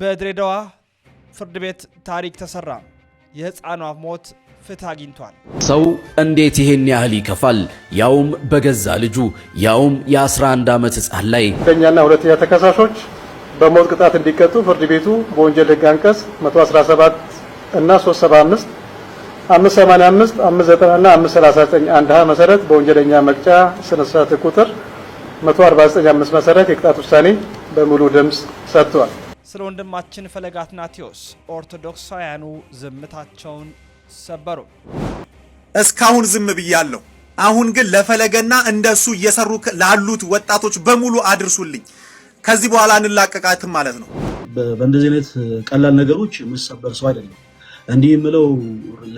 በድሬዳዋ ፍርድ ቤት ታሪክ ተሰራ። የህፃኗ ሞት ፍትህ አግኝቷል። ሰው እንዴት ይሄን ያህል ይከፋል? ያውም በገዛ ልጁ ያውም የ11 ዓመት ህፃን ላይ። አንደኛና ሁለተኛ ተከሳሾች በሞት ቅጣት እንዲቀጡ ፍርድ ቤቱ በወንጀል ህግ አንቀጽ 117 እና 375 585 590 እና 539 አንድ ሀ መሰረት በወንጀለኛ መቅጫ ስነ ስርዓት ቁጥር 1495 መሰረት የቅጣት ውሳኔ በሙሉ ድምፅ ሰጥቷል። ስለ ወንድማችን ፈለገ አትናቴዎስ ኦርቶዶክሳውያኑ ዝምታቸውን ሰበሩ። እስካሁን ዝም ብያለሁ። አሁን ግን ለፈለገና እንደሱ እየሰሩ ላሉት ወጣቶች በሙሉ አድርሱልኝ። ከዚህ በኋላ እንላቀቃትም ማለት ነው። በእንደዚህ አይነት ቀላል ነገሮች የምሰበር ሰው አይደለም። እንዲህ የምለው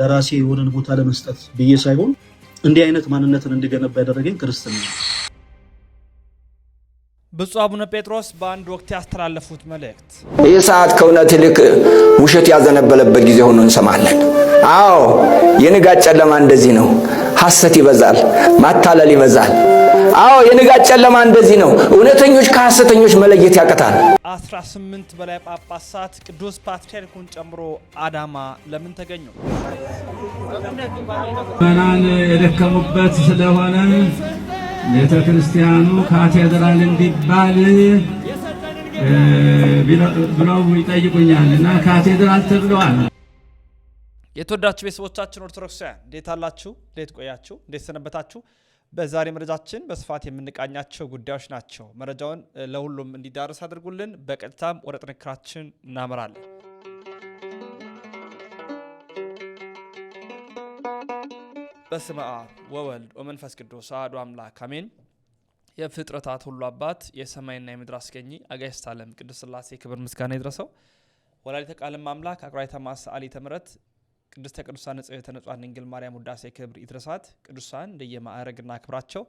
ለራሴ የሆነን ቦታ ለመስጠት ብዬ ሳይሆን እንዲህ አይነት ማንነትን እንድገነባ ያደረገኝ ክርስትና ብፁዕ አቡነ ጴጥሮስ በአንድ ወቅት ያስተላለፉት መልእክት ይህ ሰዓት ከእውነት ይልቅ ውሸት ያዘነበለበት ጊዜ ሆኖ እንሰማለን። አዎ የንጋት ጨለማ እንደዚህ ነው። ሐሰት ይበዛል፣ ማታለል ይበዛል። አዎ የንጋት ጨለማ እንደዚህ ነው። እውነተኞች ከሐሰተኞች መለየት ያቀታል። 18 በላይ ጳጳሳት ቅዱስ ፓትርያርኩን ጨምሮ አዳማ ለምን ተገኙ? መናን የደከሙበት ስለሆነ ቤተ ክርስቲያኑ ካቴድራል እንዲባል ብለው ይጠይቁኛል እና ካቴድራል ተብለዋል። የተወዳችሁ ቤተሰቦቻችን ኦርቶዶክሳውያን እንዴት አላችሁ? እንዴት ቆያችሁ? እንዴት ሰነበታችሁ? በዛሬ መረጃችን በስፋት የምንቃኛቸው ጉዳዮች ናቸው። መረጃውን ለሁሉም እንዲዳረስ አድርጉልን። በቀጥታም ወደ ጥንክራችን እናመራለን። በስመ አብ ወወልድ ወመንፈስ ቅዱስ አሐዱ አምላክ አሜን። የፍጥረታት ሁሉ አባት የሰማይና የምድር አስገኚ አጋዕዝተ ዓለም ቅዱስ ሥላሴ ክብር ምስጋና ይድረሰው። ወላዲተ ቃልም አምላክ አቁራይተ ማስ ሰአሊተ ምሕረት ቅድስተ ቅዱሳን ንጽሕተ ንጹሐን ድንግል ማርያም ውዳሴ ክብር ይድረሳት። ቅዱሳን እንደየማዕረግና ክብራቸው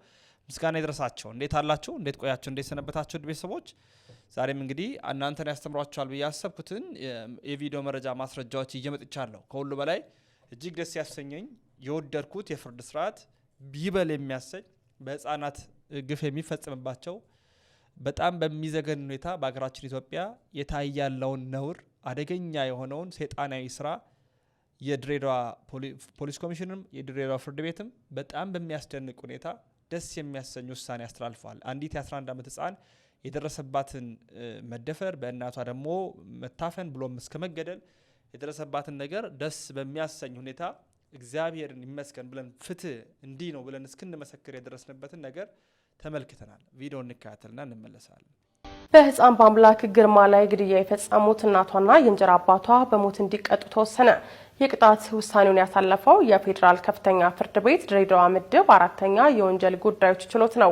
ምስጋና ይድረሳቸው። እንዴት አላችሁ? እንዴት ቆያችሁ? እንዴት ሰነበታችሁ? ቤተሰቦች ዛሬም እንግዲህ እናንተን ያስተምሯችኋል ብዬ ያሰብኩትን የቪዲዮ መረጃ ማስረጃዎች እየመጥቻለሁ። ከሁሉ በላይ እጅግ ደስ ያሰኘኝ የወደድኩት የፍርድ ስርዓት ቢበል የሚያሰኝ በህፃናት ግፍ የሚፈጽምባቸው በጣም በሚዘገን ሁኔታ በሀገራችን ኢትዮጵያ የታያለውን ያለውን ነውር አደገኛ የሆነውን ሴጣናዊ ስራ የድሬዳዋ ፖሊስ ኮሚሽንም የድሬዳዋ ፍርድ ቤትም በጣም በሚያስደንቅ ሁኔታ ደስ የሚያሰኝ ውሳኔ አስተላልፈዋል። አንዲት የ11 ዓመት ህፃን የደረሰባትን መደፈር በእናቷ ደግሞ መታፈን ብሎም እስከ መገደል የደረሰባትን ነገር ደስ በሚያሰኝ ሁኔታ እግዚአብሔርን ይመስገን ብለን ፍትህ እንዲህ ነው ብለን እስክንመሰክር የደረስንበትን ነገር ተመልክተናል። ቪዲዮ እንካያተልና እንመለሳለን። በህፃን በአምላክ ግርማ ላይ ግድያ የፈጸሙት እናቷና የእንጀራ አባቷ በሞት እንዲቀጡ ተወሰነ። የቅጣት ውሳኔውን ያሳለፈው የፌዴራል ከፍተኛ ፍርድ ቤት ድሬዳዋ ምድብ አራተኛ የወንጀል ጉዳዮች ችሎት ነው።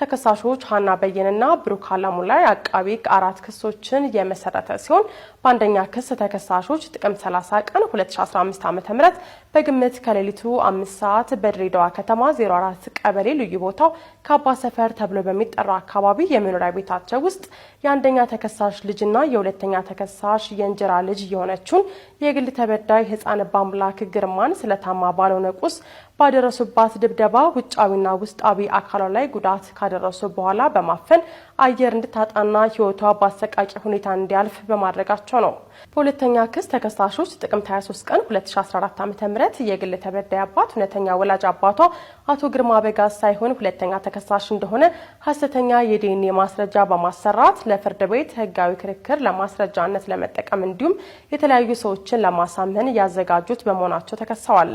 ተከሳሾች ሀና በየንና ብሩክ አላሙ ላይ አቃቢ አራት ክሶችን የመሰረተ ሲሆን በአንደኛ ክስ ተከሳሾች ጥቅምት 30 ቀን 2015 ዓ.ም በግምት ከሌሊቱ አምስት ሰዓት በድሬዳዋ ከተማ 04 ቀበሌ ልዩ ቦታው ካባ ሰፈር ተብሎ በሚጠራ አካባቢ የመኖሪያ ቤታቸው ውስጥ የአንደኛ ተከሳሽ ልጅና የሁለተኛ ተከሳሽ የእንጀራ ልጅ የሆነችውን የግል ተበዳይ ህፃን በአምላክ ግርማን ስለታማ ባልሆነ ቁስ ባደረሱባት ድብደባ ውጫዊና ውስጣዊ አካሏ ላይ ጉዳት ካደረሱ በኋላ በማፈን አየር እንድታጣና ህይወቷ በአሰቃቂ ሁኔታ እንዲያልፍ በማድረጋቸው ነው። በሁለተኛ ክስ ተከሳሾች ጥቅምት 23 ቀን 2014 ዓ ም የግል ተበዳይ አባት እውነተኛ ወላጅ አባቷ አቶ ግርማ በጋዝ ሳይሆን ሁለተኛ ተከሳሽ እንደሆነ ሀሰተኛ የዲኤንኤ ማስረጃ በማሰራት ለፍርድ ቤት ህጋዊ ክርክር ለማስረጃነት ለመጠቀም እንዲሁም የተለያዩ ሰዎችን ለማሳመን ያዘጋጁት በመሆናቸው ተከሰዋል።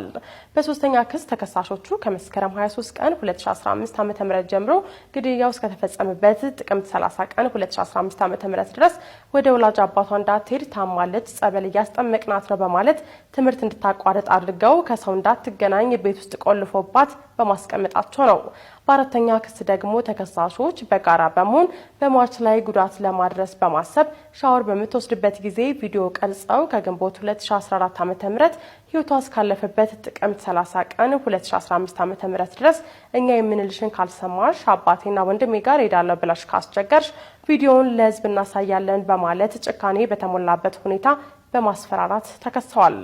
በሶስተኛ ክስ ተከሳሾቹ ከመስከረም 23 ቀን 2015 ዓ.ም ጀምሮ ግድያው እስከተፈጸመበት ጥቅምት 30 ቀን 2015 ዓ.ም ድረስ ወደ ወላጅ አባቷ እንዳትሄድ ታማለች፣ ጸበል እያስጠመቅናት ነው በማለት ትምህርት እንድታቋርጥ አድርገው ከሰው እንዳትገናኝ ቤት ውስጥ ቆልፎባት በማስቀመጣቸው ነው። በአራተኛ ክስ ደግሞ ተከሳሾች በጋራ በመሆን በሟች ላይ ጉዳት ለማድረስ በማሰብ ሻወር በምትወስድበት ጊዜ ቪዲዮ ቀርጸው ከግንቦት 2014 ዓ.ም ህይወቷ እስካለፈበት ጥቅምት 30 ቀን 2015 ም ድረስ እኛ የምንልሽን ካልሰማሽ አባቴና ወንድሜ ጋር ሄዳለሁ ብለሽ ካስቸገርሽ ቪዲዮውን ለህዝብ እናሳያለን በማለት ጭካኔ በተሞላበት ሁኔታ በማስፈራራት ተከሰዋል።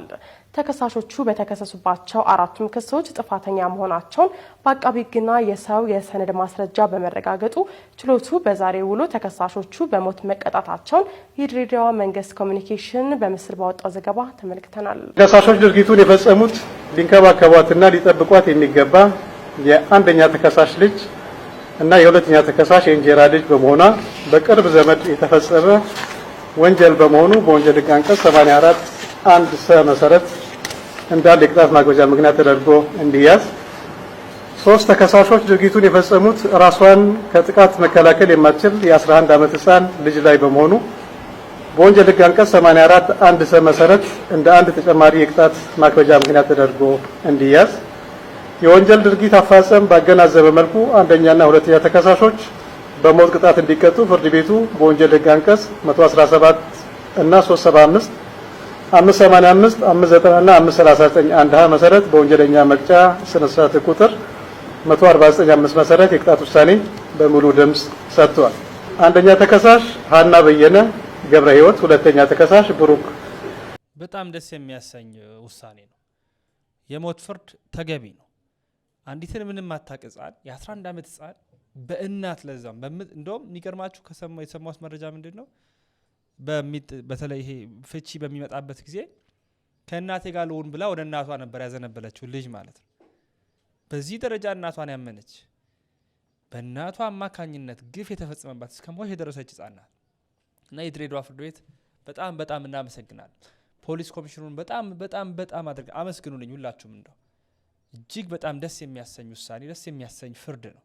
ተከሳሾቹ በተከሰሱባቸው አራቱም ክሶች ጥፋተኛ መሆናቸውን በአቃቢ ሕግና የሰው የሰነድ ማስረጃ በመረጋገጡ ችሎቱ በዛሬ ውሎ ተከሳሾቹ በሞት መቀጣታቸውን የድሬዳዋ መንግስት ኮሚኒኬሽን በምስል ባወጣው ዘገባ ተመልክተናል። ተከሳሾች ድርጊቱን የፈጸሙት ሊንከባከቧትና ሊጠብቋት የሚገባ የአንደኛ ተከሳሽ ልጅ እና የሁለተኛ ተከሳሽ የእንጀራ ልጅ በመሆኗ በቅርብ ዘመድ የተፈጸመ ወንጀል በመሆኑ በወንጀል ሕግ አንቀጽ 84 አንድ ሰ መሰረት እንዳንድ የቅጣት ማክበጃ ምክንያት ተደርጎ እንዲያዝ። ሶስት ተከሳሾች ድርጊቱን የፈጸሙት ራሷን ከጥቃት መከላከል የማትችል የ11 ዓመት ህፃን ልጅ ላይ በመሆኑ በወንጀል ሕግ አንቀጽ 84 አንድ ሰ መሰረት እንደ አንድ ተጨማሪ የቅጣት ማክበጃ ምክንያት ተደርጎ እንዲያዝ። የወንጀል ድርጊት አፋጸም ባገናዘበ መልኩ አንደኛና ሁለተኛ ተከሳሾች በሞት ቅጣት እንዲቀጡ ፍርድ ቤቱ በወንጀል ሕግ አንቀጽ 117 እና 375 585 590 እና 539 አንድ ሀ መሰረት በወንጀለኛ መቅጫ ስነ ስርዓት ቁጥር 1495 መሰረት የቅጣት ውሳኔ በሙሉ ድምጽ ሰጥቷል። አንደኛ ተከሳሽ ሀና በየነ ገብረ ህይወት ሁለተኛ ተከሳሽ ብሩክ። በጣም ደስ የሚያሰኝ ውሳኔ ነው። የሞት ፍርድ ተገቢ ነው። አንዲትን ምንም አታቅ ህጻን የ11 ዓመት ህጻን በእናት ለዛም እንደውም የሚገርማችሁ የሰማሁት መረጃ ምንድን ነው፣ በተለይ ይሄ ፍቺ በሚመጣበት ጊዜ ከእናቴ ጋር ልሆን ብላ ወደ እናቷ ነበር ያዘነበለችው ልጅ ማለት ነው። በዚህ ደረጃ እናቷን ያመነች በእናቷ አማካኝነት ግፍ የተፈጸመባት እስከ ሞት የደረሰች ህጻናት እና የድሬዳዋ ፍርድ ቤት በጣም በጣም እናመሰግናል። ፖሊስ ኮሚሽኑን በጣም በጣም በጣም አድርገ አመስግኑልኝ ሁላችሁም። እንደው እጅግ በጣም ደስ የሚያሰኝ ውሳኔ ደስ የሚያሰኝ ፍርድ ነው።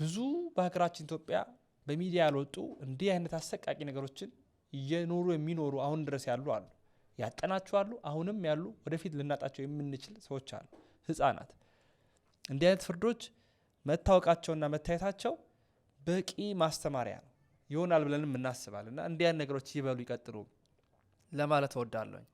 ብዙ በሀገራችን ኢትዮጵያ በሚዲያ ያልወጡ እንዲህ አይነት አሰቃቂ ነገሮችን እየኖሩ የሚኖሩ አሁን ድረስ ያሉ አሉ። ያጠናቸዋሉ አሁንም ያሉ፣ ወደፊት ልናጣቸው የምንችል ሰዎች አሉ። ህጻናት እንዲህ አይነት ፍርዶች መታወቃቸውና መታየታቸው በቂ ማስተማሪያ ነው ይሆናል ብለንም እናስባል እና እንዲያን ነገሮች ይበሉ ይቀጥሉ ለማለት እወዳለሁኝ።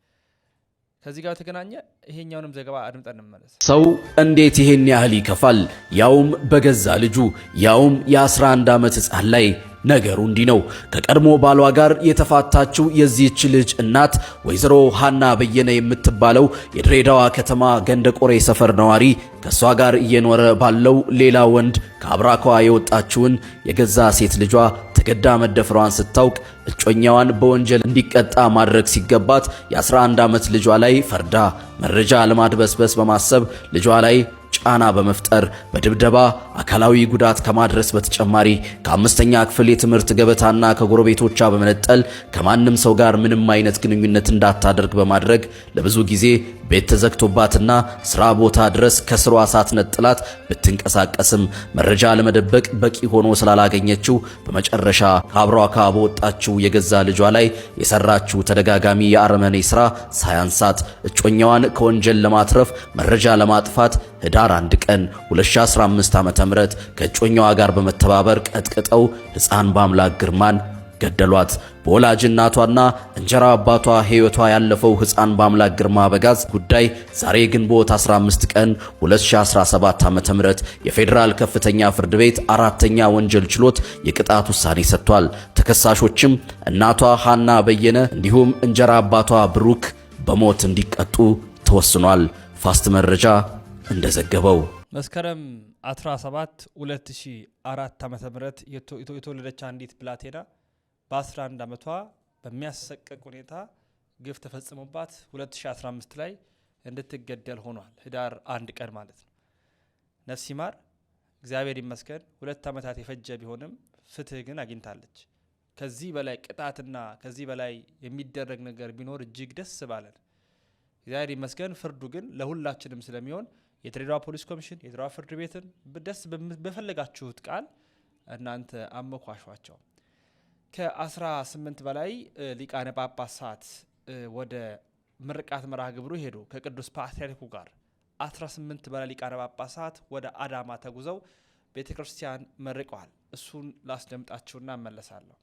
ከዚህ ጋር ተገናኘ። ይሄኛውንም ዘገባ አድምጠን እንመለስ። ሰው እንዴት ይሄን ያህል ይከፋል? ያውም በገዛ ልጁ ያውም የ11 ዓመት ህፃን ላይ ነገሩ እንዲህ ነው። ከቀድሞ ባሏ ጋር የተፋታችው የዚህች ልጅ እናት ወይዘሮ ሀና በየነ የምትባለው የድሬዳዋ ከተማ ገንደቆሬ ሰፈር ነዋሪ ከእሷ ጋር እየኖረ ባለው ሌላ ወንድ ከአብራኳ የወጣችውን የገዛ ሴት ልጇ ተገዳ መደፈሯን ስታውቅ እጮኛዋን በወንጀል እንዲቀጣ ማድረግ ሲገባት የ11 ዓመት ልጇ ላይ ፈርዳ መረጃ ለማድበስበስ በማሰብ ልጇ ላይ ጫና በመፍጠር በድብደባ አካላዊ ጉዳት ከማድረስ በተጨማሪ ከአምስተኛ ክፍል የትምህርት ገበታና ከጎረቤቶቿ በመነጠል ከማንም ሰው ጋር ምንም አይነት ግንኙነት እንዳታደርግ በማድረግ ለብዙ ጊዜ ቤት ተዘግቶባትና ስራ ቦታ ድረስ ከስሯ ሳትነጥላት ብትንቀሳቀስም መረጃ ለመደበቅ በቂ ሆኖ ስላላገኘችው በመጨረሻ ከአብሯካ በወጣችው የገዛ ልጇ ላይ የሰራችው ተደጋጋሚ የአረመኔ ስራ ሳያንሳት እጮኛዋን ከወንጀል ለማትረፍ መረጃ ለማጥፋት ህዳር 1 ቀን 2015 ዓ.ም ከእጮኛዋ ጋር በመተባበር ቀጥቅጠው ሕፃን በአምላክ ግርማን ገደሏት። በወላጅ እናቷና እንጀራ አባቷ ሕይወቷ ያለፈው ሕፃን በአምላክ ግርማ በጋዝ ጉዳይ ዛሬ ግንቦት 15 ቀን 2017 ዓ.ም የፌዴራል ከፍተኛ ፍርድ ቤት አራተኛ ወንጀል ችሎት የቅጣት ውሳኔ ሰጥቷል። ተከሳሾችም እናቷ ሃና በየነ እንዲሁም እንጀራ አባቷ ብሩክ በሞት እንዲቀጡ ተወስኗል። ፋስት መረጃ እንደዘገበው መስከረም 17 2004 ዓ ም የተወለደች አንዲት ብላቴና በ11 ዓመቷ በሚያሰቀቅ ሁኔታ ግፍ ተፈጽሞባት 2015 ላይ እንድትገደል ሆኗል። ህዳር አንድ ቀን ማለት ነው። ነፍሲ ማር እግዚአብሔር ይመስገን። ሁለት ዓመታት የፈጀ ቢሆንም ፍትህ ግን አግኝታለች። ከዚህ በላይ ቅጣትና ከዚህ በላይ የሚደረግ ነገር ቢኖር እጅግ ደስ ባለን። እግዚአብሔር ይመስገን። ፍርዱ ግን ለሁላችንም ስለሚሆን የድሬዳዋ ፖሊስ ኮሚሽን፣ የድሬዳዋ ፍርድ ቤትን ደስ በፈለጋችሁት ቃል እናንተ አመኳሿቸው። ከአስራ ስምንት በላይ ሊቃነ ጳጳሳት ወደ ምርቃት መርሃ ግብሩ ሄዱ። ከቅዱስ ፓትርያርኩ ጋር 18 በላይ ሊቃነ ጳጳሳት ወደ አዳማ ተጉዘው ቤተ ክርስቲያን መርቀዋል። እሱን ላስደምጣችሁና እመለሳለሁ።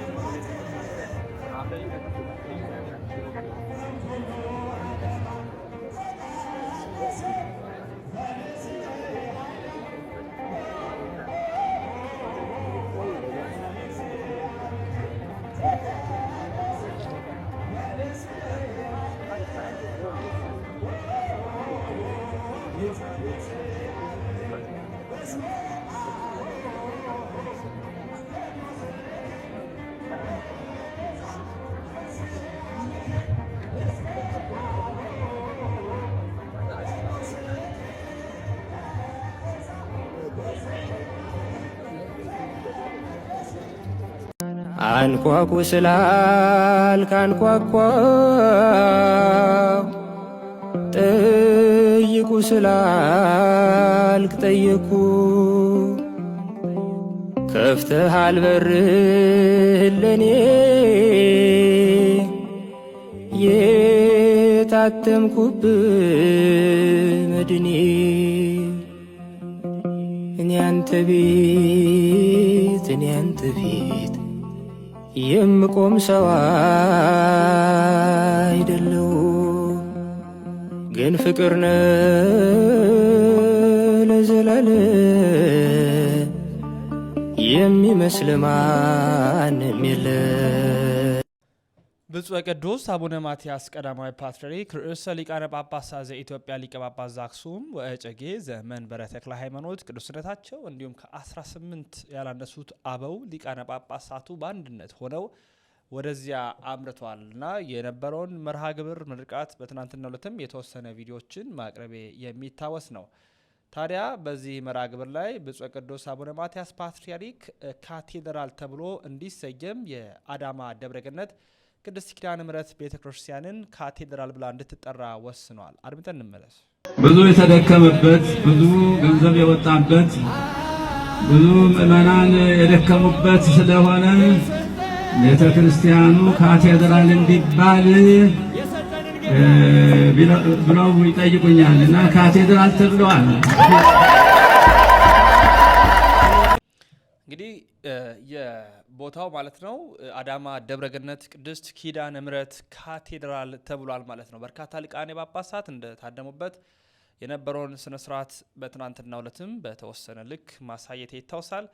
すいません。አንኳኩ ስላልክ አንኳኳው፣ ጠይቁ ስላልክ ጠየኩ። ከፍተሃል በርህን ለኔ የታተምኩብ መድኔ እኔ አንተ ቤት እኔ አንተ ቤት የምቆም ሰው አይደለሁም፣ ግን ፍቅር ነ ለዘላለ የሚመስል ማንም የለ ብፁዕ ቅዱስ አቡነ ማትያስ ቀዳማዊ ፓትርያርክ ርእሰ ሊቃነ ጳጳሳት ዘኢትዮጵያ ሊቀ ጳጳስ ዘአክሱም ወእጨጌ ዘመንበረ ተክለ ሃይማኖት ቅዱስነታቸው እንዲሁም ከ18 ያላነሱት አበው ሊቃነ ጳጳሳቱ በአንድነት ሆነው ወደዚያ አምርተዋል እና የነበረውን መርሃ ግብር ምርቃት በትናንትናው ዕለትም የተወሰነ ቪዲዮዎችን ማቅረቤ የሚታወስ ነው። ታዲያ በዚህ መርሃ ግብር ላይ ብፁዕ ቅዱስ አቡነ ማትያስ ፓትርያርክ ካቴድራል ተብሎ እንዲሰየም የአዳማ ደብረ ገነት ቅድስት ኪዳነ ምሕረት ቤተ ክርስቲያንን ካቴድራል ብላ እንድትጠራ ወስኗል። አድምጠን እንመለስ። ብዙ የተደከመበት ብዙ ገንዘብ የወጣበት ብዙ ምዕመናን የደከሙበት ስለሆነ ቤተ ክርስቲያኑ ካቴድራል እንዲባል ብለው ይጠይቁኛል እና ካቴድራል ተብለዋል። እንግዲህ ቦታው ማለት ነው አዳማ ደብረገነት ቅድስት ኪዳነ ምሕረት ካቴድራል ተብሏል ማለት ነው። በርካታ ሊቃነ ጳጳሳት እንደታደሙበት የነበረውን ስነ ስርዓት በትናንትናው ዕለትም በተወሰነ ልክ ማሳየት ይታወሳል።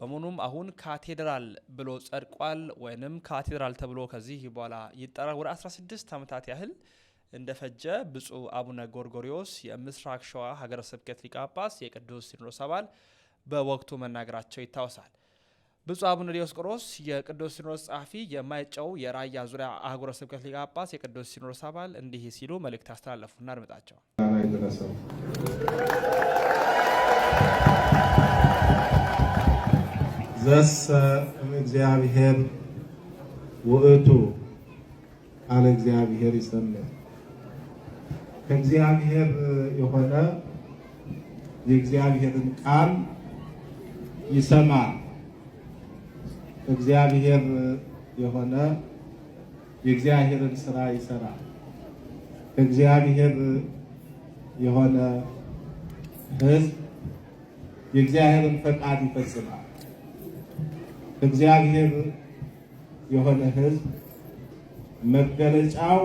በመሆኑም አሁን ካቴድራል ብሎ ጸድቋል፣ ወይንም ካቴድራል ተብሎ ከዚህ በኋላ ይጠራል። ወደ 16 ዓመታት ያህል እንደፈጀ ብፁዕ አቡነ ጎርጎሪዎስ የምስራቅ ሸዋ ሀገረ ስብከት ሊቀ ጳጳስ የቅዱስ ሲኖዶስ አባል በወቅቱ መናገራቸው ይታወሳል። ብፁዕ አቡነ ዲዮስቆሮስ የቅዱስ ሲኖዶስ ጸሐፊ፣ የማይጨው የራያ ዙሪያ አህጉረ ስብከት ሊቀ ጳጳስ፣ የቅዱስ ሲኖዶስ አባል እንዲህ ሲሉ መልእክት አስተላለፉ። እናድምጣቸው። ዘሰ እግዚአብሔር ውእቱ አለ እግዚአብሔር ይሰምዕ። ከእግዚአብሔር የሆነ የእግዚአብሔርን ቃል ይሰማል እግዚአብሔር የሆነ የእግዚአብሔርን ስራ ይሰራል። ከእግዚአብሔር የሆነ ህዝብ የእግዚአብሔርን ፈቃድ ይፈጽማል። ከእግዚአብሔር የሆነ ህዝብ መገለጫው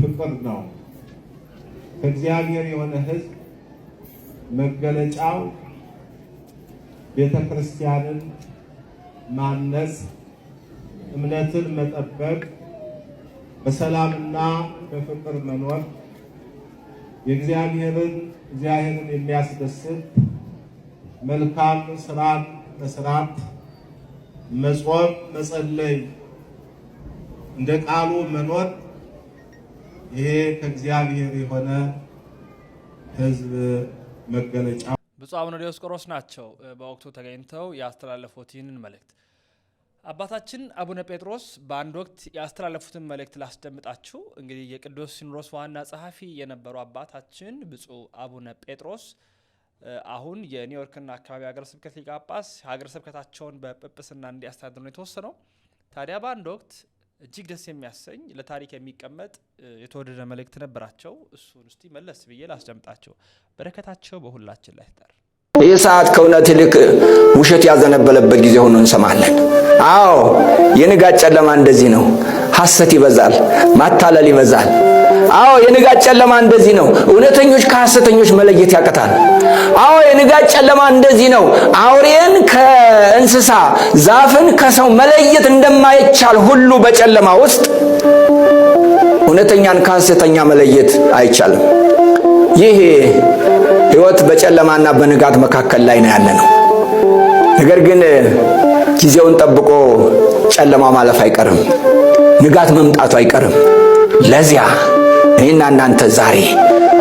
ፍቅር ነው። ከእግዚአብሔር የሆነ ህዝብ መገለጫው ቤተ ክርስቲያንን ማነጽ፣ እምነትን መጠበቅ፣ በሰላምና በፍቅር መኖር የእግዚአብሔርን እግዚአብሔርን የሚያስደስት መልካም ስራን መስራት፣ መጾም፣ መጸለይ፣ እንደ ቃሉ መኖር ይሄ ከእግዚአብሔር የሆነ ሕዝብ መገለጫ ብፁዕ አቡነ ዲዮስቆሮስ ናቸው በወቅቱ ተገኝተው ያስተላለፉት ይህንን መልእክት። አባታችን አቡነ ጴጥሮስ በአንድ ወቅት ያስተላለፉትን መልእክት ላስደምጣችሁ። እንግዲህ የቅዱስ ሲኖዶስ ዋና ጸሐፊ የነበሩ አባታችን ብፁዕ አቡነ ጴጥሮስ አሁን የኒውዮርክና አካባቢ ሀገረ ስብከት ሊቀ ጳጳስ ሀገረ ስብከታቸውን በጵጵስና እንዲያስተዳድሩ ነው የተወሰነው። ታዲያ በአንድ ወቅት እጅግ ደስ የሚያሰኝ ለታሪክ የሚቀመጥ የተወደደ መልእክት ነበራቸው። እሱን እስቲ መለስ ብዬ ላስደምጣቸው። በረከታቸው በሁላችን ላይ ይደር። ይህ ሰዓት ከእውነት ይልቅ ውሸት ያዘነበለበት ጊዜ ሆኖ እንሰማለን። አዎ የንጋት ጨለማ እንደዚህ ነው። ሐሰት ይበዛል፣ ማታለል ይበዛል። አዎ የንጋት ጨለማ እንደዚህ ነው። እውነተኞች ከሐሰተኞች መለየት ያቀታል። አዎ የንጋት ጨለማ እንደዚህ ነው። አውሬን ከእንስሳ ዛፍን ከሰው መለየት እንደማይቻል ሁሉ በጨለማ ውስጥ እውነተኛን ከሐሰተኛ መለየት አይቻልም። ይህ ሕይወት በጨለማና በንጋት መካከል ላይ ነው ያለ ነው። ነገር ግን ጊዜውን ጠብቆ ጨለማ ማለፍ አይቀርም። ንጋት መምጣቱ አይቀርም። ለዚያ እኔና እናንተ ዛሬ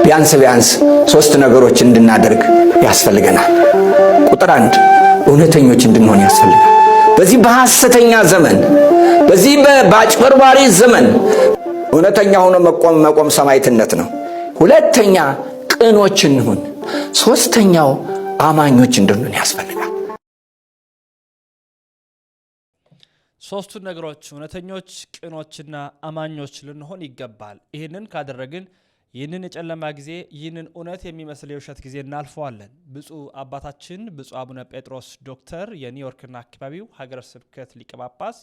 ቢያንስ ቢያንስ ሶስት ነገሮች እንድናደርግ ያስፈልገናል። ቁጥር አንድ እውነተኞች እንድንሆን ያስፈልጋል። በዚህ በሐሰተኛ ዘመን፣ በዚህ በአጭበርባሪ ዘመን እውነተኛ ሆኖ መቆም መቆም ሰማዕትነት ነው። ሁለተኛ ቅኖች እንሁን። ሶስተኛው አማኞች እንድንሆን ያስፈልጋል። ሶስቱን ነገሮች እውነተኞች፣ ቅኖችና አማኞች ልንሆን ይገባል። ይህንን ካደረግን ይህንን የጨለማ ጊዜ ይህንን እውነት የሚመስል የውሸት ጊዜ እናልፈዋለን። ብፁዕ አባታችን ብፁዕ አቡነ ጴጥሮስ ዶክተር የኒውዮርክና አካባቢው ሀገረ ስብከት ሊቀ ጳጳስ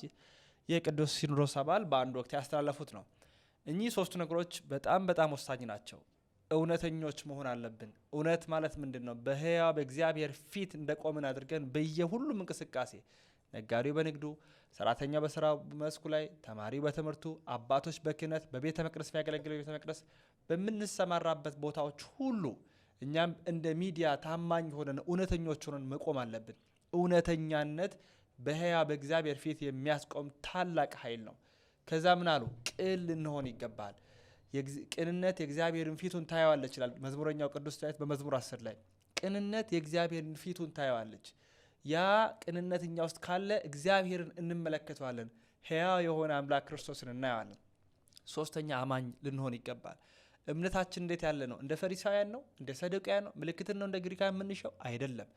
የቅዱስ ሲኖዶስ አባል በአንድ ወቅት ያስተላለፉት ነው። እኚህ ሶስቱ ነገሮች በጣም በጣም ወሳኝ ናቸው። እውነተኞች መሆን አለብን። እውነት ማለት ምንድን ነው? በሕያው በእግዚአብሔር ፊት እንደቆምን አድርገን በየሁሉም እንቅስቃሴ ነጋዴው በንግዱ ሰራተኛው በስራ መስኩ ላይ፣ ተማሪው በትምህርቱ፣ አባቶች በክህነት በቤተ መቅደስ የሚያገለግለው ቤተ መቅደስ በምንሰማራበት ቦታዎች ሁሉ እኛም እንደ ሚዲያ ታማኝ ሆነን እውነተኞች ሆነን መቆም አለብን። እውነተኛነት በህያ በእግዚአብሔር ፊት የሚያስቆም ታላቅ ኃይል ነው። ከዛ ምን አሉ? ቅል ልንሆን ይገባል። ቅንነት የእግዚአብሔርን ፊቱን ታየዋለች ይላል መዝሙረኛው ቅዱስ ዳዊት በመዝሙር አስር ላይ ቅንነት የእግዚአብሔርን ፊቱን ታየዋለች። ያ ቅንነት እኛ ውስጥ ካለ እግዚአብሔርን እንመለከተዋለን። ሕያው የሆነ አምላክ ክርስቶስን እናየዋለን። ሶስተኛ አማኝ ልንሆን ይገባል። እምነታችን እንዴት ያለ ነው? እንደ ፈሪሳውያን ነው? እንደ ሰዱቃውያን ነው? ምልክትን ነው እንደ ግሪካ የምንሻው? አይደለም።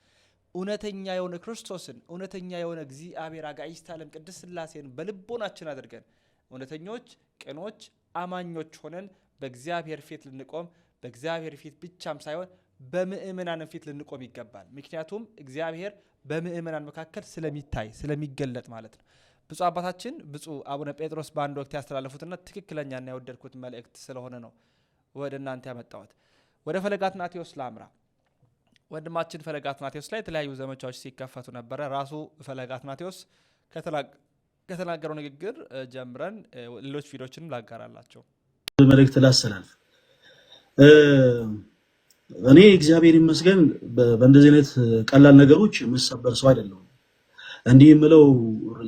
እውነተኛ የሆነ ክርስቶስን፣ እውነተኛ የሆነ እግዚአብሔር አጋዕዝተ ዓለም ቅድስት ሥላሴን በልቦናችን አድርገን እውነተኞች፣ ቅኖች፣ አማኞች ሆነን በእግዚአብሔር ፊት ልንቆም በእግዚአብሔር ፊት ብቻም ሳይሆን በምእመናንም ፊት ልንቆም ይገባል። ምክንያቱም እግዚአብሔር በምእመናን መካከል ስለሚታይ ስለሚገለጥ ማለት ነው። ብፁ አባታችን ብፁ አቡነ ጴጥሮስ በአንድ ወቅት ያስተላለፉትና ትክክለኛና የወደድኩት መልእክት ስለሆነ ነው ወደ እናንተ ያመጣሁት። ወደ ፈለጋት ናቴዎስ ላምራ። ወንድማችን ፈለጋት ናቴዎስ ላይ የተለያዩ ዘመቻዎች ሲከፈቱ ነበረ። ራሱ ፈለጋት ናቴዎስ ከተናገረው ንግግር ጀምረን ሌሎች ቪዲዮችንም ላጋራላቸው መልእክት ላስተላልፍ እኔ እግዚአብሔር ይመስገን በእንደዚህ አይነት ቀላል ነገሮች የምሰበር ሰው አይደለሁም። እንዲህ የምለው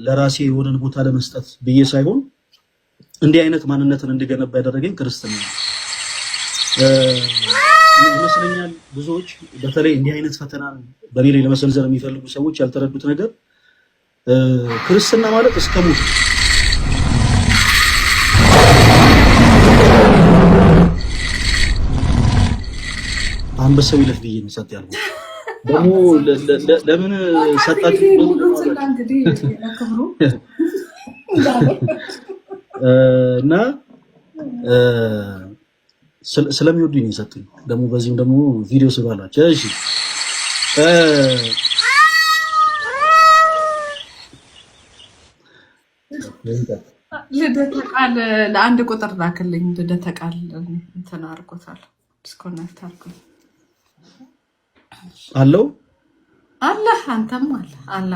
ለራሴ የሆነን ቦታ ለመስጠት ብዬ ሳይሆን እንዲህ አይነት ማንነትን እንድገነባ ያደረገኝ ክርስትና ይመስለኛል። ብዙዎች በተለይ እንዲህ አይነት ፈተናን በኔ ላይ ለመሰንዘር የሚፈልጉ ሰዎች ያልተረዱት ነገር ክርስትና ማለት እስከ ሞት አንበሳው ይለፍ ብዬ ነው ሰጥ ያልኩት። ደግሞ ለምን ሰጣችሁ? እና ስለሚወዱኝ ነው የሰጡኝ። ደግሞ በዚህም ደግሞ ቪዲዮ ስባላቸው እሺ ልደተ ቃል ለአንድ ቁጥር ላክልኝ። ልደተ ቃል እንትን አድርጎታል፣ ዲስኮኔክት አድርጎኝ አለው አለ አንተም አለ አለ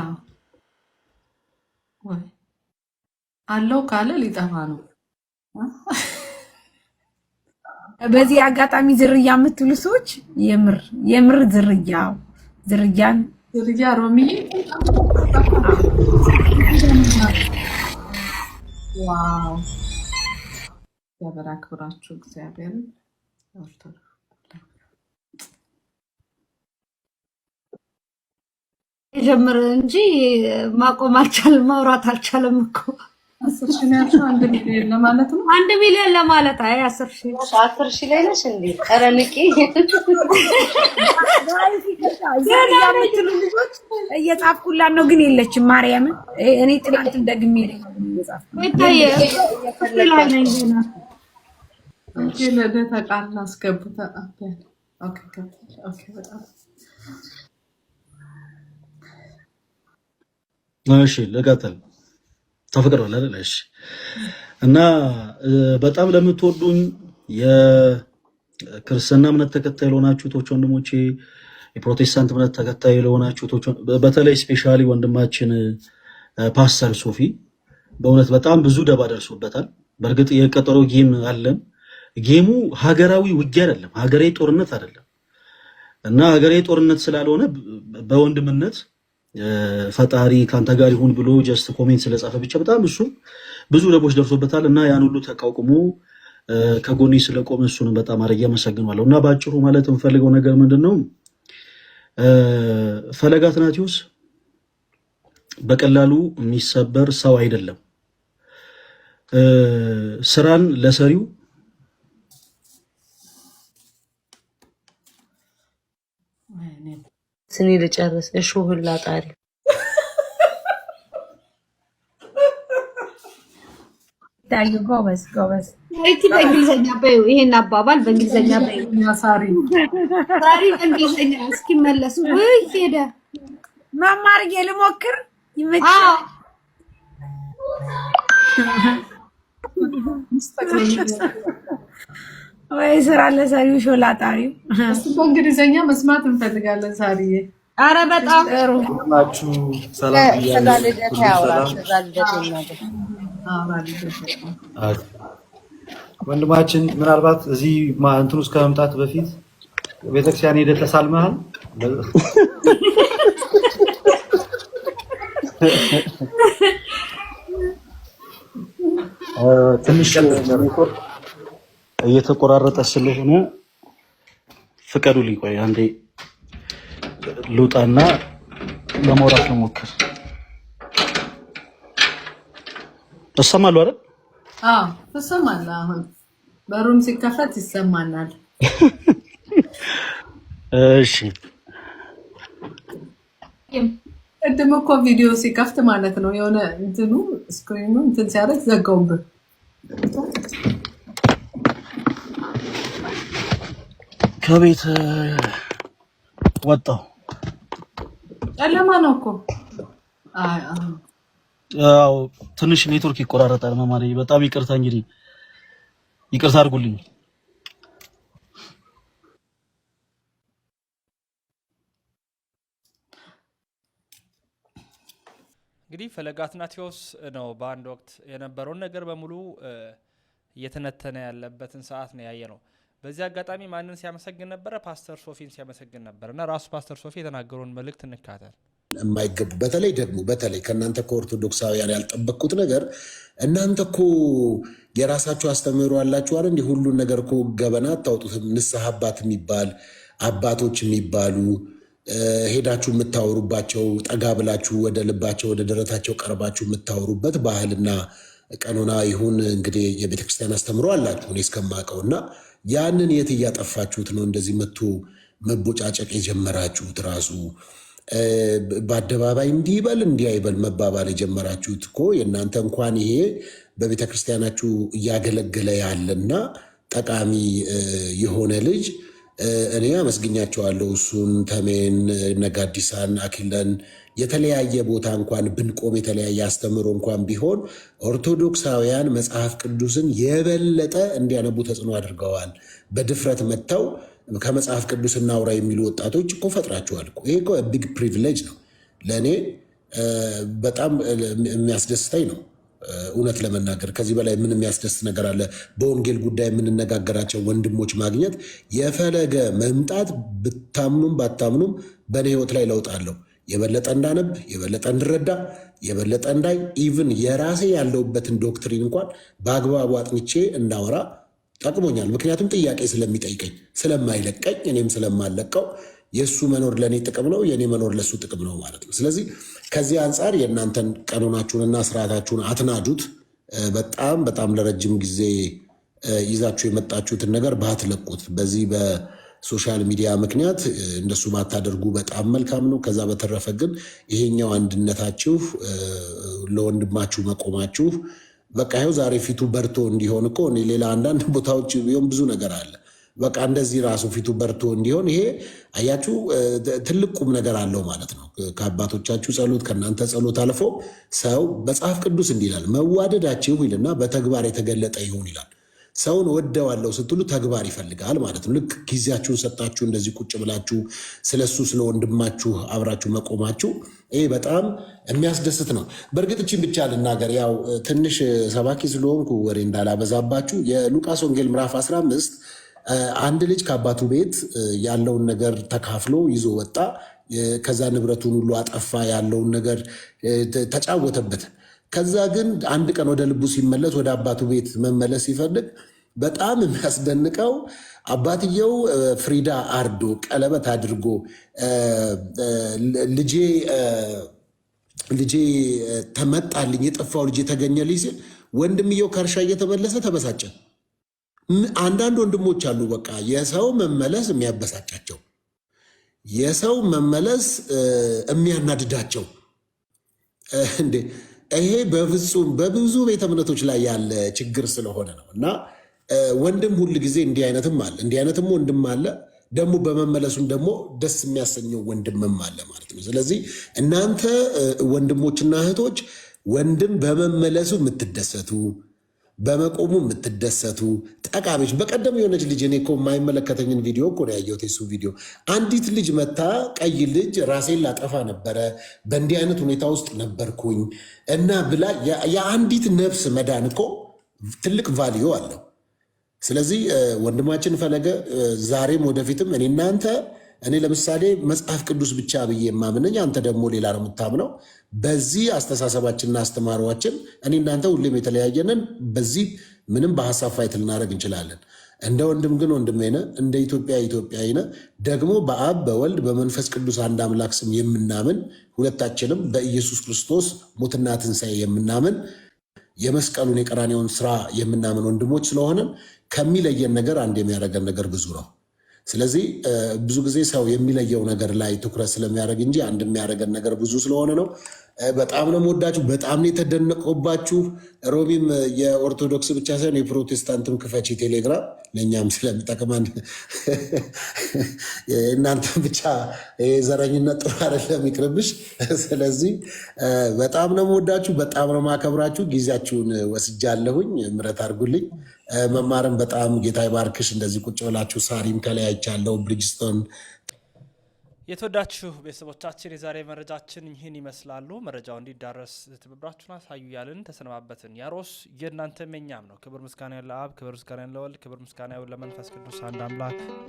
አለው ካለ ሊጠፋ ነው። በዚህ አጋጣሚ ዝርያ የምትሉ ሰዎች የምር የምር ዝርያ ዝርያን ዝርያ ሮሚ ዋው ያበራክብራችሁ እግዚአብሔር ኦርቶዶክስ የጀመረ እንጂ ማቆም አልቻለም፣ ማውራት አልቻለም እኮ አንድ ሚሊዮን ለማለት አይ አስር ሺህ አስር ሺህ ላይ ነሽ እንዴ? ኧረ ንቂ እየጻፍኩላት ነው፣ ግን የለችም። ማርያምን እኔ ትናንትም ደግሜ ለደተቃል አስገብተ እሺ ልቀጥል። ተፈቅዷል አይደል? እሺ። እና በጣም ለምትወዱኝ የክርስትና እምነት ተከታይ ለሆናችሁ ቶች ወንድሞቼ፣ የፕሮቴስታንት እምነት ተከታይ ለሆናችሁ ቶች በተለይ ስፔሻሊ ወንድማችን ፓስተር ሶፊ በእውነት በጣም ብዙ ደባ ደርሶበታል። በእርግጥ የቀጠሮ ጌም አለን። ጌሙ ሀገራዊ ውጊያ አይደለም፣ ሀገሬ ጦርነት አይደለም እና ሀገሬ ጦርነት ስላልሆነ በወንድምነት ፈጣሪ ከአንተ ጋር ይሁን ብሎ ጀስት ኮሜንት ስለጻፈ ብቻ በጣም እሱ ብዙ ለቦች ደርሶበታል እና ያን ሁሉ ተቋቁሞ ከጎኔ ስለቆመ እሱንም በጣም አድርጌ አመሰግናለሁ። እና በአጭሩ ማለት የምፈልገው ነገር ምንድን ነው፣ ፈለገ በቀላሉ የሚሰበር ሰው አይደለም። ስራን ለሰሪው ስኒ ልጨርስ። እሾህን ላጣሪ ታዩ። ጎበዝ ጎበዝ። እስኪ በእንግሊዘኛ በይው፣ ይሄን አባባል በእንግሊዘኛ በይው። ሳሪ ሳሪ፣ በእንግሊዘኛ እስኪመለሱ። ውይ ሄደ መማር ልሞክር። ይመችሃል። ወይ ስራ ለዛሬው ሾላ ጣሪው እሱ እንግሊዘኛ መስማት እንፈልጋለን። ሳሪዬ አረ በጣም ጥሩ ናችሁ። ሰላም ወንድማችን፣ ምናልባት እዚህ እንትን ውስጥ ከመምጣት በፊት ቤተክርስቲያን ሄደህ ተሳልመሃል። ትንሽ እየተቆራረጠ ስለሆነ ፍቀዱ። ቆይ አንዴ ልውጣና ለማውራት ልሞክር። እሰማሉ አይደል? አዎ አሁን በሩም ሲከፈት ይሰማናል። እሺ ቅድም እኮ ቪዲዮ ሲከፍት ማለት ነው የሆነ እንትኑ ስክሪኑ እንትን ሲያደርግ ዘጋውብን ከቤት ወጣው ጨለማ ነው እኮ ያው ትንሽ ኔትወርክ ይቆራረጣል። መማሪ በጣም ይቅርታ እንግዲህ ይቅርታ አድርጉልኝ። እንግዲህ ፈለገ አትናቴዎስ ነው በአንድ ወቅት የነበረውን ነገር በሙሉ እየተነተነ ያለበትን ሰዓት ነው ያየ ነው። በዚህ አጋጣሚ ማንን ሲያመሰግን ነበረ? ፓስተር ሶፊን ሲያመሰግን ነበር እና ራሱ ፓስተር ሶፊ የተናገረውን መልእክት እንካተል። የማይገቡ በተለይ ደግሞ በተለይ ከእናንተ ከኦርቶዶክሳውያን ያልጠበቅኩት ነገር እናንተ እኮ የራሳችሁ አስተምህሮ አላችኋል፣ እንዲህ ሁሉን ነገር እኮ ገበና አታውጡትም። ንስሐ አባት የሚባል አባቶች የሚባሉ ሄዳችሁ የምታወሩባቸው ጠጋ ብላችሁ ወደ ልባቸው ወደ ደረታቸው ቀርባችሁ የምታወሩበት ባህልና ቀኖና ይሁን እንግዲህ የቤተክርስቲያን አስተምሮ አላችሁ እኔ እስከማውቀው እና ያንን የት እያጠፋችሁት ነው? እንደዚህ መቶ መቦጫጨቅ የጀመራችሁት ራሱ በአደባባይ እንዲበል ይበል መባባል የጀመራችሁት እኮ የእናንተ እንኳን ይሄ በቤተክርስቲያናችሁ እያገለገለ ያለና ጠቃሚ የሆነ ልጅ እኔ አመስግኛቸዋለሁ። እሱን ተሜን፣ ነጋዲሳን፣ አኪለን የተለያየ ቦታ እንኳን ብንቆም የተለያየ አስተምሮ እንኳን ቢሆን ኦርቶዶክሳውያን መጽሐፍ ቅዱስን የበለጠ እንዲያነቡ ተጽዕኖ አድርገዋል። በድፍረት መጥተው ከመጽሐፍ ቅዱስ እናውራ የሚሉ ወጣቶች እኮ ፈጥራችኋል ይሄ ቢግ ፕሪቪሌጅ ነው ለእኔ በጣም የሚያስደስተኝ ነው። እውነት ለመናገር ከዚህ በላይ ምን የሚያስደስት ነገር አለ? በወንጌል ጉዳይ የምንነጋገራቸው ወንድሞች ማግኘት የፈለገ መምጣት ብታምኑም ባታምኑም በእኔ ህይወት ላይ ለውጥ አለው። የበለጠ እንዳነብ፣ የበለጠ እንድረዳ፣ የበለጠ እንዳይ ኢቭን የራሴ ያለውበትን ዶክትሪን እንኳን በአግባቡ አጥንቼ እንዳወራ ጠቅሞኛል። ምክንያቱም ጥያቄ ስለሚጠይቀኝ ስለማይለቀኝ እኔም ስለማለቀው የእሱ መኖር ለእኔ ጥቅም ነው፣ የእኔ መኖር ለእሱ ጥቅም ነው ማለት ነው። ስለዚህ ከዚህ አንጻር የእናንተን ቀኖናችሁንና ስርዓታችሁን አትናዱት። በጣም በጣም ለረጅም ጊዜ ይዛችሁ የመጣችሁትን ነገር ባትለቁት፣ በዚህ በሶሻል ሚዲያ ምክንያት እንደሱ ባታደርጉ በጣም መልካም ነው። ከዛ በተረፈ ግን ይሄኛው አንድነታችሁ፣ ለወንድማችሁ መቆማችሁ በቃ ይኸው ዛሬ ፊቱ በርቶ እንዲሆን እኮ እኔ ሌላ አንዳንድ ቦታዎች ቢሆን ብዙ ነገር አለ በቃ እንደዚህ ራሱ ፊቱ በርቶ እንዲሆን ይሄ አያችሁ ትልቅ ቁም ነገር አለው ማለት ነው። ከአባቶቻችሁ ጸሎት ከእናንተ ጸሎት አልፎ ሰው መጽሐፍ ቅዱስ እንዲላል መዋደዳችሁ ይልና በተግባር የተገለጠ ይሁን ይላል። ሰውን ወደዋለው ስትሉ ተግባር ይፈልጋል ማለት ነው። ልክ ጊዜያችሁን ሰጣችሁ እንደዚህ ቁጭ ብላችሁ ስለሱ ስለ ወንድማችሁ አብራችሁ መቆማችሁ ይ በጣም የሚያስደስት ነው። በእርግጥ ብቻ ልናገር፣ ያው ትንሽ ሰባኪ ስለሆንኩ ወሬ እንዳላበዛባችሁ የሉቃስ ወንጌል ምዕራፍ 15 አንድ ልጅ ከአባቱ ቤት ያለውን ነገር ተካፍሎ ይዞ ወጣ። ከዛ ንብረቱን ሁሉ አጠፋ፣ ያለውን ነገር ተጫወተበት። ከዛ ግን አንድ ቀን ወደ ልቡ ሲመለስ ወደ አባቱ ቤት መመለስ ሲፈልግ በጣም የሚያስደንቀው አባትየው ፍሪዳ አርዶ ቀለበት አድርጎ ልጄ ልጄ ተመጣልኝ የጠፋው ልጅ የተገኘልኝ ሲል ወንድምየው ከእርሻ እየተመለሰ ተበሳጨ። አንዳንድ ወንድሞች አሉ በቃ የሰው መመለስ የሚያበሳጫቸው የሰው መመለስ የሚያናድዳቸው እንዴ ይሄ በፍጹም በብዙ ቤተ እምነቶች ላይ ያለ ችግር ስለሆነ ነው። እና ወንድም ሁል ጊዜ እንዲህ አይነትም አለ እንዲህ አይነትም ወንድም አለ ደግሞ በመመለሱም ደግሞ ደስ የሚያሰኘው ወንድምም አለ ማለት ነው። ስለዚህ እናንተ ወንድሞችና እህቶች ወንድም በመመለሱ የምትደሰቱ በመቆሙ የምትደሰቱ ጠቃሚዎች። በቀደም የሆነች ልጅ እኔ እኮ የማይመለከተኝን ቪዲዮ እኮ ነው ያየሁት። የሱ ቪዲዮ አንዲት ልጅ መታ ቀይ ልጅ ራሴን ላጠፋ ነበረ፣ በእንዲህ አይነት ሁኔታ ውስጥ ነበርኩኝ እና ብላ የአንዲት ነፍስ መዳን እኮ ትልቅ ቫሊዮ አለው። ስለዚህ ወንድማችን ፈለገ ዛሬም ወደፊትም እኔ እናንተ እኔ ለምሳሌ መጽሐፍ ቅዱስ ብቻ ብዬ የማምነኝ አንተ ደግሞ ሌላ ነው የምታምነው። በዚህ አስተሳሰባችንና አስተማሯችን እኔ እናንተ ሁሌም የተለያየንን፣ በዚህ ምንም በሀሳብ ፋይት ልናደርግ እንችላለን። እንደ ወንድም ግን ወንድም ነ እንደ ኢትዮጵያ ኢትዮጵያዊ ደግሞ በአብ በወልድ በመንፈስ ቅዱስ አንድ አምላክ ስም የምናምን ሁለታችንም በኢየሱስ ክርስቶስ ሞትና ትንሣኤ የምናምን የመስቀሉን የቀራኔውን ስራ የምናምን ወንድሞች ስለሆንን ከሚለየን ነገር አንድ የሚያደርገን ነገር ብዙ ነው። ስለዚህ ብዙ ጊዜ ሰው የሚለየው ነገር ላይ ትኩረት ስለሚያደርግ እንጂ አንድ የሚያደርገን ነገር ብዙ ስለሆነ ነው። በጣም ነው የምወዳችሁ። በጣም ነው የተደነቀባችሁ። ሮሚም የኦርቶዶክስ ብቻ ሳይሆን የፕሮቴስታንትም ክፈች ቴሌግራም ለእኛም ስለሚጠቅመን እናንተ ብቻ የዘረኝነት ጥሩ አይደለም ይቅርብሽ። ስለዚህ በጣም ነው የምወዳችሁ፣ በጣም ነው የማከብራችሁ። ጊዜያችሁን ወስጃለሁኝ፣ ምረት አድርጉልኝ። መማርም በጣም ጌታ ይባርክሽ። እንደዚህ ቁጭ ብላችሁ ሳሪም ከላይ አይቻለሁ ብሪጅስቶን የተወዳችሁ ቤተሰቦቻችን የዛሬ መረጃችን ይህን ይመስላሉ። መረጃው እንዲዳረስ ትብብራችሁን አሳዩ ያልን ተሰነባበትን። ያሮስ የእናንተ መኛም ነው። ክብር ምስጋና ያለ አብ ክብር ምስጋና ያለ ወልድ፣ ክብር ምስጋና ለመንፈስ ቅዱስ አንድ አምላክ።